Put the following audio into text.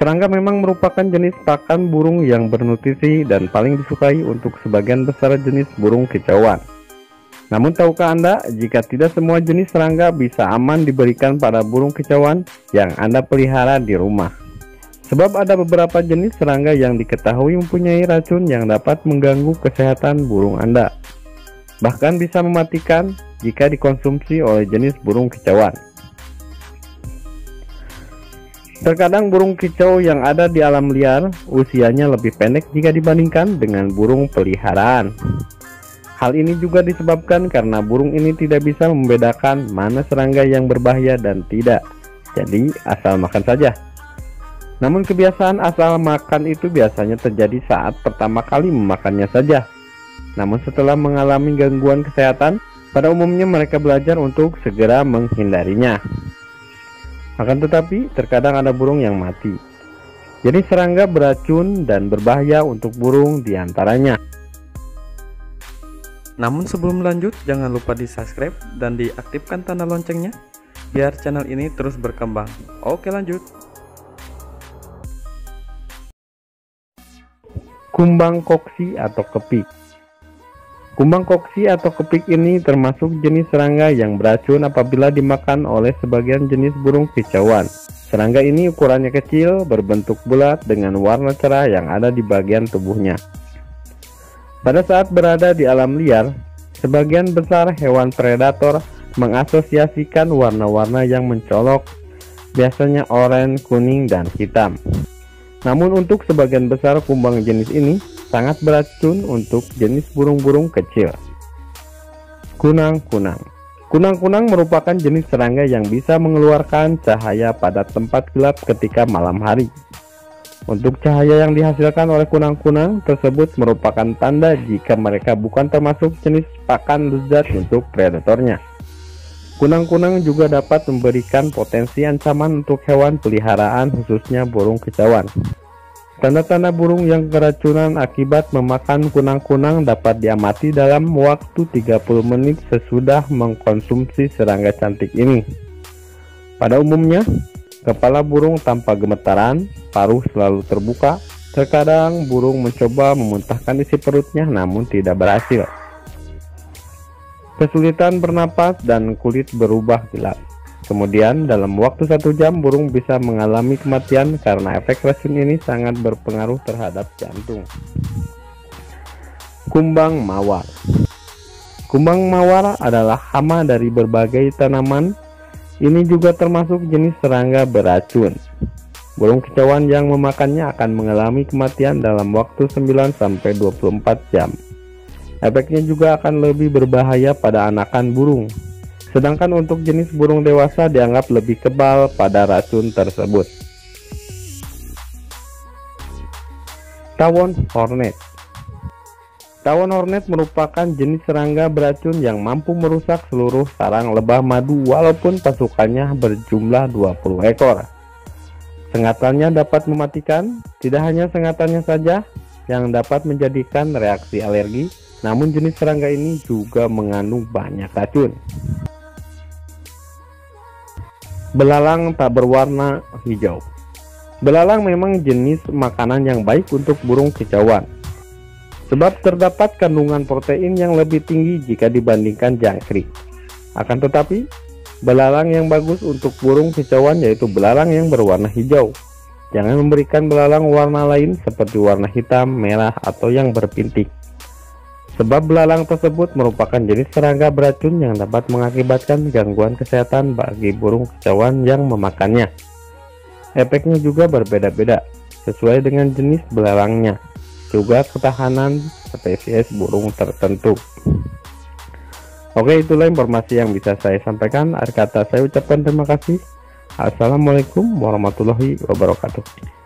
Serangga memang merupakan jenis pakan burung yang bernutrisi dan paling disukai untuk sebagian besar jenis burung kicauan. Namun tahukah Anda jika tidak semua jenis serangga bisa aman diberikan pada burung kicauan yang Anda pelihara di rumah? Sebab ada beberapa jenis serangga yang diketahui mempunyai racun yang dapat mengganggu kesehatan burung Anda. Bahkan bisa mematikan jika dikonsumsi oleh jenis burung kicauan. Terkadang burung kicau yang ada di alam liar usianya lebih pendek jika dibandingkan dengan burung peliharaan. Hal ini juga disebabkan karena burung ini tidak bisa membedakan mana serangga yang berbahaya dan tidak. Jadi asal makan saja. Namun kebiasaan asal makan itu biasanya terjadi saat pertama kali memakannya saja. Namun setelah mengalami gangguan kesehatan, pada umumnya mereka belajar untuk segera menghindarinya. Akan tetapi, terkadang ada burung yang mati. Jenis serangga beracun dan berbahaya untuk burung diantaranya. Namun sebelum lanjut, jangan lupa di subscribe dan diaktifkan tanda loncengnya, biar channel ini terus berkembang. Oke lanjut. Kumbang koksi atau kepik Kumbang koksi atau kepik ini termasuk jenis serangga yang beracun apabila dimakan oleh sebagian jenis burung kicauan. Serangga ini ukurannya kecil, berbentuk bulat dengan warna cerah yang ada di bagian tubuhnya. Pada saat berada di alam liar, sebagian besar hewan predator mengasosiasikan warna-warna yang mencolok, biasanya oranye, kuning, dan hitam. Namun untuk sebagian besar kumbang jenis ini, sangat beracun untuk jenis burung-burung kecil. Kunang-kunang Kunang-kunang merupakan jenis serangga yang bisa mengeluarkan cahaya pada tempat gelap ketika malam hari. Untuk cahaya yang dihasilkan oleh kunang-kunang tersebut merupakan tanda jika mereka bukan termasuk jenis pakan lezat untuk predatornya. Kunang-kunang juga dapat memberikan potensi ancaman untuk hewan peliharaan khususnya burung kecawan. Tanda-tanda burung yang keracunan akibat memakan kunang-kunang dapat diamati dalam waktu 30 menit sesudah mengkonsumsi serangga cantik ini. Pada umumnya, kepala burung tanpa gemetaran, paruh selalu terbuka, terkadang burung mencoba memuntahkan isi perutnya namun tidak berhasil. Kesulitan bernapas dan kulit berubah gelap. Kemudian, dalam waktu satu jam, burung bisa mengalami kematian karena efek racun ini sangat berpengaruh terhadap jantung. Kumbang mawar Kumbang mawar adalah hama dari berbagai tanaman. Ini juga termasuk jenis serangga beracun. Burung kicauan yang memakannya akan mengalami kematian dalam waktu 9-24 jam. Efeknya juga akan lebih berbahaya pada anakan burung, sedangkan untuk jenis burung dewasa dianggap lebih kebal pada racun tersebut. Tawon Hornet Tawon hornet merupakan jenis serangga beracun yang mampu merusak seluruh sarang lebah madu walaupun pasukannya berjumlah 20 ekor. Sengatannya dapat mematikan, tidak hanya sengatannya saja yang dapat menjadikan reaksi alergi, namun jenis serangga ini juga mengandung banyak racun. Belalang tak berwarna hijau. Belalang memang jenis makanan yang baik untuk burung kicauan. Sebab terdapat kandungan protein yang lebih tinggi jika dibandingkan jangkrik. Akan tetapi, belalang yang bagus untuk burung kicauan yaitu belalang yang berwarna hijau. Jangan memberikan belalang warna lain seperti warna hitam, merah, atau yang berpintik. Sebab belalang tersebut merupakan jenis serangga beracun yang dapat mengakibatkan gangguan kesehatan bagi burung kicauan yang memakannya. Efeknya juga berbeda-beda sesuai dengan jenis belalangnya, juga ketahanan spesies burung tertentu. Oke, itulah informasi yang bisa saya sampaikan. Akhir kata saya ucapkan terima kasih. Assalamualaikum warahmatullahi wabarakatuh.